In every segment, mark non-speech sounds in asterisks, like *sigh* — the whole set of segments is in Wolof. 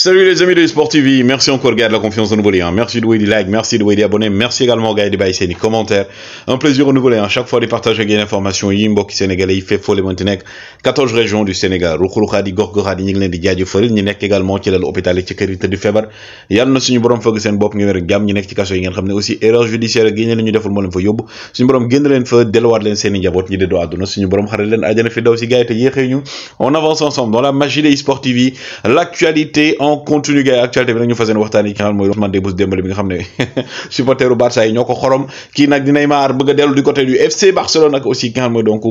Salut les amis de Sport TV, merci encore gars de la confiance de nouveau lien. merci de vous des likes, merci de vous des abonnés, merci également gars de baisser des commentaires. Un plaisir au nouveau lien, chaque fois de partager des informations, qui Sénégalais, il fait folle Montenegro, 14 régions du Sénégal, Roukourouka, Gorgoradi, Gorgora, di Ninglen, di Foril, ni nek également qui est l'hôpital et qui est du Febar. Yal na suñu borom fëgg seen bopp ñu wër gam ñi nek ci kasso yi ngeen xamné aussi erreur judiciaire gënal lañu deful mo leen fa yobbu suñu borom gën leen fa delawat leen seen njabot ñi dédo aduna suñu borom xaral leen aljana fi daw ci gaay ñu on avance ensemble dans la magie de Sport TV l'actualité en on continue gars actualité bi nag ñu fas yi ki bi nga xam ne *laughs* supporteru Barça yi nag di Neymar bëgg a dellu du côté du FC Barcelone ki nga xam mooy donc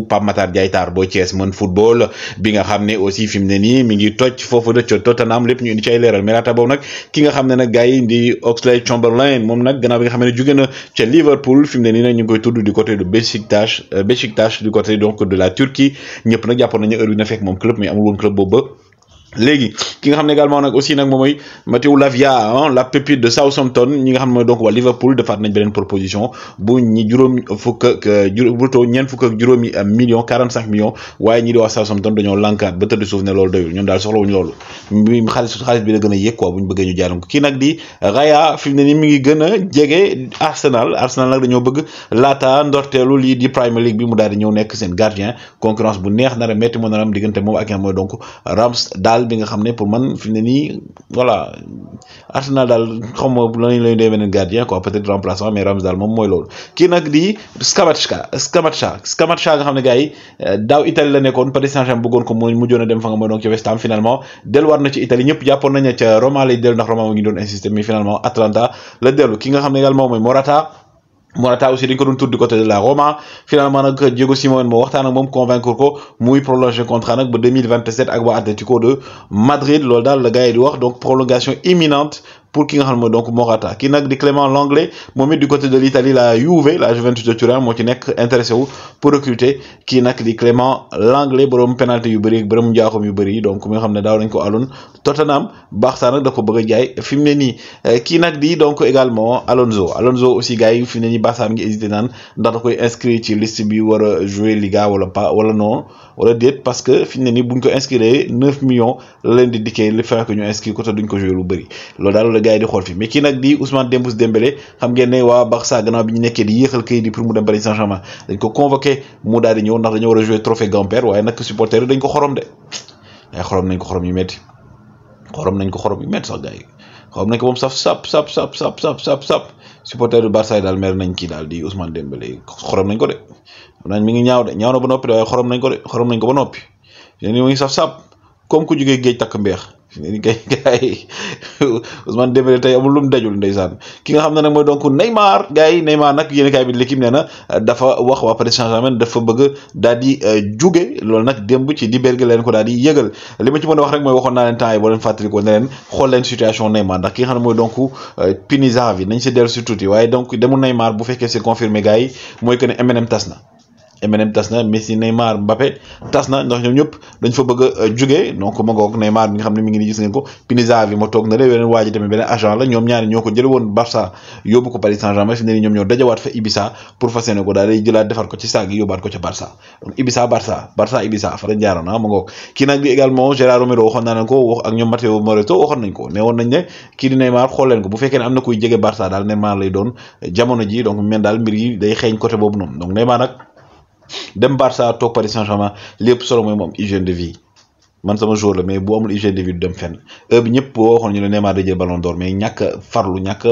Pape ne aussi fi mu ne nii mi ngi toj foofu de ca Tottenham lépp ñu indi ci ay leeral mais laata boobu nag ki ne nag gars yi di Oxlade-Chamberlain moom nag gannaaw bi nga xam ne jóge na ca Liverpool fi ne nii nag ñu koy tudd du côté de Beşiktaş euh, Beşiktaş du côté donc de la Turquie ñëpp nag jàppoon nañu heure bi na moom club mais amul woon club boobu léegi ki nga xam ne également nag aussi nag moom mooy Matteo Lavia la pépite de Southampton ñi nga xam ne mooy donc waa Liverpool defaat nañ beneen proposition bu ñi juróom fukk ak plutôt ñeent fukk ak juróomi euh, millions 45 waaye ñi di waa Southampton dañoo lankaat ba tëdd suuf ne loolu doyul ñoom daal soxla wuñu loolu mi xaalis xaalis bi la gën a yéeg quoi bu ñu bëggee ñu nag di Raya fi ne ni mi ngi gën a jege Arsenal Arsenal nag dañoo bëgg laata ndorteelu lii di Premier League bi mu daal di ñëw nekk seen gardien concurrence bu neex nar a metti moo diggante moom ak daal bi nga xam ne pour man ne nii voilà Arsenal daal xaw ma lan la gardien quoi peut-être remplaçant mais Ramsdale moom mooy loolu. kii nag di Scamacca Scamacca Scamacca nga xam ne gars euh, daaw Italie la nekkoon Paris Saint-Germain ko mu mujjoon a dem fa nga mooy donc ci West finalement delluwaat na ci Italie ñëpp jàppoon nañ Roma lay dellu ndax Roma mooy Morata. Morata aussi dañ ko doon tudd du côté de la Roma finalement nag Diego Simeone moo waxtaan ak moom convaincre ko muy prolongé contrat nag ba 2027 ak waa Atlético de Madrid loolu la gars yi di donc prolongation imminente pour qui nga donc Morata ki nag di Clément Lenglet moi du côté de l'Italie la Juve la Juventus de Turin moi ci nekk intéressé pour recruter kii nag di Clément Lenglet borom penalty yu bëri borom njaaxum yu donc mi nga xam ne daaw nañ ko Tottenham Barça donc da ko bëgg a jaay fi euh, donc également Alonso Alonso aussi gars yi fi mu ne nii Barça qui ngi à da koy inscrit ci liste bi jouer Liga wala pas ou non wala dette, parce que fi mu inscrit 9 millions la le di que li inscrit contre te duñ ko jouer lu la gaay di xol fi mais ki nak di Ousmane Dembous Dembélé xam ngeen né wa Barça gannaaw biñu nekké di yéxal kay di pour mu dem Paris Saint-Germain dañ ko convoquer mu daal di ñëw ndax dañu wara jouer trophée Gamper waye nak supporter dañ ko xorom dé ay xorom nañ ko xorom yu metti xorom nañ ko xorom yu metti sax gaay xorom nañ ko moom sap sap sap sap sap sap sap sap supporter du Barça dal mer nañ ki dal di Ousmane Dembélé xorom nañ ko dé nañ mi ngi ñaaw dé ñaaw na ba nopi waye xorom nañ ko dé xorom nañ ko ba nopi yéen ngi saf sap comme ku jógee geej tak mbéx léegi kay gars yi Ousmane Dembélé tey amul lu mu dajul ndeysaan ki nga xam ne nag mooy donc Neymar gars yi Neymar nag yéen kaay bi l'équipe nee na dafa wax waa Paris Saint-Germain dafa bëgg daal di euh, juge loolu nag démb ci dibéer gi leen ko daal di yëgal li ma ci mën a wax rek mooy waxoon naa leen temps yi boo leen fàttali xool leen situation Neymar ndax ki nga xam ne mooy donc euh, Pini Zahavi nañ si dellu si tuuti waaye donc demu Neymar bu fekkee c'est confirmé gars yi mooy que ne M&M Eminem tas na Messi Neymar Mbappé tas na ndax ñoom ñëpp dañ bëgg a euh, na leen weneen waa ji tamit beneen agent la ñoom ñaari ñoo ko jële woon Barça yóbbu ko Paris Saint-Germain fi ne nii ñoom ñoo dajawaat fa Ibiza pour fas yéene ko daal day jëlaat defar ko ci saag yóbbaat ko ca Barça donc Ibiza Barça Barça Ibiza fa la jaaroon ah kii nag bi également Gérard Romero waxoon ko ne woon nañ ne kii Neymar xool leen ko bu fekkee ne am na kuy jege Barça daal Neymar lay doon euh, jamono ji donc men daal mbir yi day xeeñ côté boobu noom donc Neymar nag dem Barça toog Paris Saint-Germain lépp solo mooy moom hygiène de vie. man sama jour la mais bu amul hygiène de vie dem fenn euh bi ñëpp boo ñu ne Neymar day jël ballon d'or mais ñak farlu ñak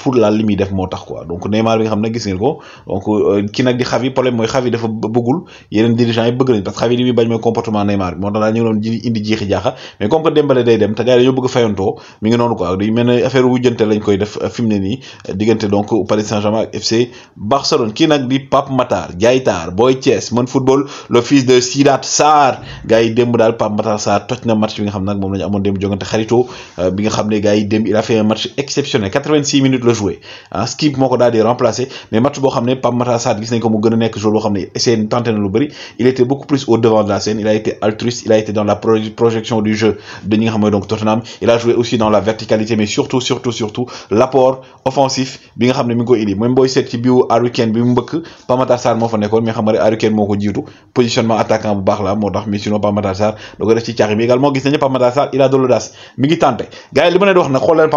pour la li def moo tax quoi donc Neymar bi nga xam gis ngeen ko donc euh, ki nak di Xavi problème moy Xavi dafa bëggul yeneen dirigeants yi bëgg nañ parce que Xavi li muy bañ mooy comportement Neymar mo moo tax daal ñu indi jexi jaxa mais comme que Dembélé day dem ta gars yi dañoo bëgg fayantoo mi ngi noonu quoi du mel ne affaire jënte lañ koy def fimné ni ne donc Paris Saint-Germain FC Barcelone ki nak di Pape Matar jaytar Boy Thiès man football le fils de Sidat sar gars yi dal Pape Matar Matar Sarr toj na match bi nga xam nag moom la ñu amoon dem jogante xarito euh, bi nga xam ne gars yi dem il a fait un match exceptionnel 86 minutes la joué ah Skip moo ko daal di remplacé mais match boo xam ne Pape Matar Sarr gis nañ ko mu gën a nekk joueur boo xam ne essayé tenté na lu bëri il était beaucoup plus au devant de la scène il a été altruiste il a été dans la projection du jeu de ñi nga xam ne donc Tottenham il a joué aussi dans la verticalité mais surtout surtout surtout l'apport offensif bi nga xam ne mi ngi koy indi même booy seet ci biu Harry Kane bi mu mbëkk Pape Matar Sarr moo fa nekkoon mais xam nga Harry Kane moo ko jiitu positionnement attaquant bu baax la moo tax mais sinon Pape Matar bëgg ci caaxi bi gis nañu Pape Matar Sarr il a mi ngi tenté gars yi li ma leen wax nag xool leen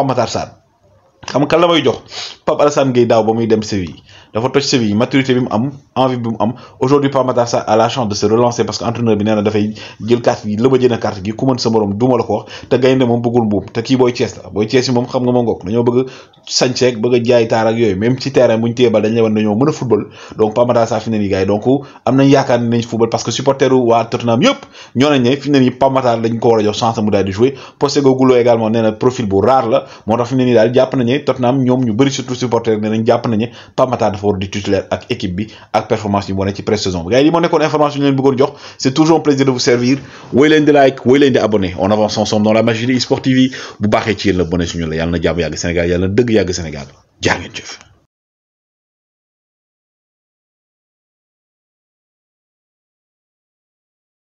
xam kan la jox Pape Alassane Gueye daw bamuy muy dem Séville dafa toj Séville maturité bi mu am envie bi mu am aujourd'hui Pape Matar a la chance de se relancer parce que entraîneur bi nee na dafay jël carte yi lëba jëna carte gi ku mën sa morom duma la ko wax te gaynde moom bëggul mbuum te ki boy ties la boy ties mom xam nga ma ngok dañu bëgg a sañceeg bëgg jaay tar ak yoy même ci terrain bu ñu téye bal dañ la wan dañoo mën football donc Pape Matar fi ne nii gay donc am nañ yaakaar ne nañ football parce que supporteru wa Tottenham yëpp ñoo nañ ne fi ne nii Pape Matar dañ ko wara jox chance mu daal di jouer gulo également nee profil bu rare la moo tax fi ne nii daal japp nañ ne Tottenham ñom ñu bëri surtout supporter ne nañ jàpp nañu Pape Matar dafa war di titulaire ak équipe bi ak performance yi woné ci pré-saison gaay li mo nekkoon information ñu leen bëggoon jox c'est toujours un plaisir de vous servir woy leen di like woy leen di abonné on avance ensemble dans la magie de eSport TV bu baxé ci yéen la bone suñu la yalla na jàmm yag Sénégal yalla na dëgg yag Sénégal jaa ngeen jëf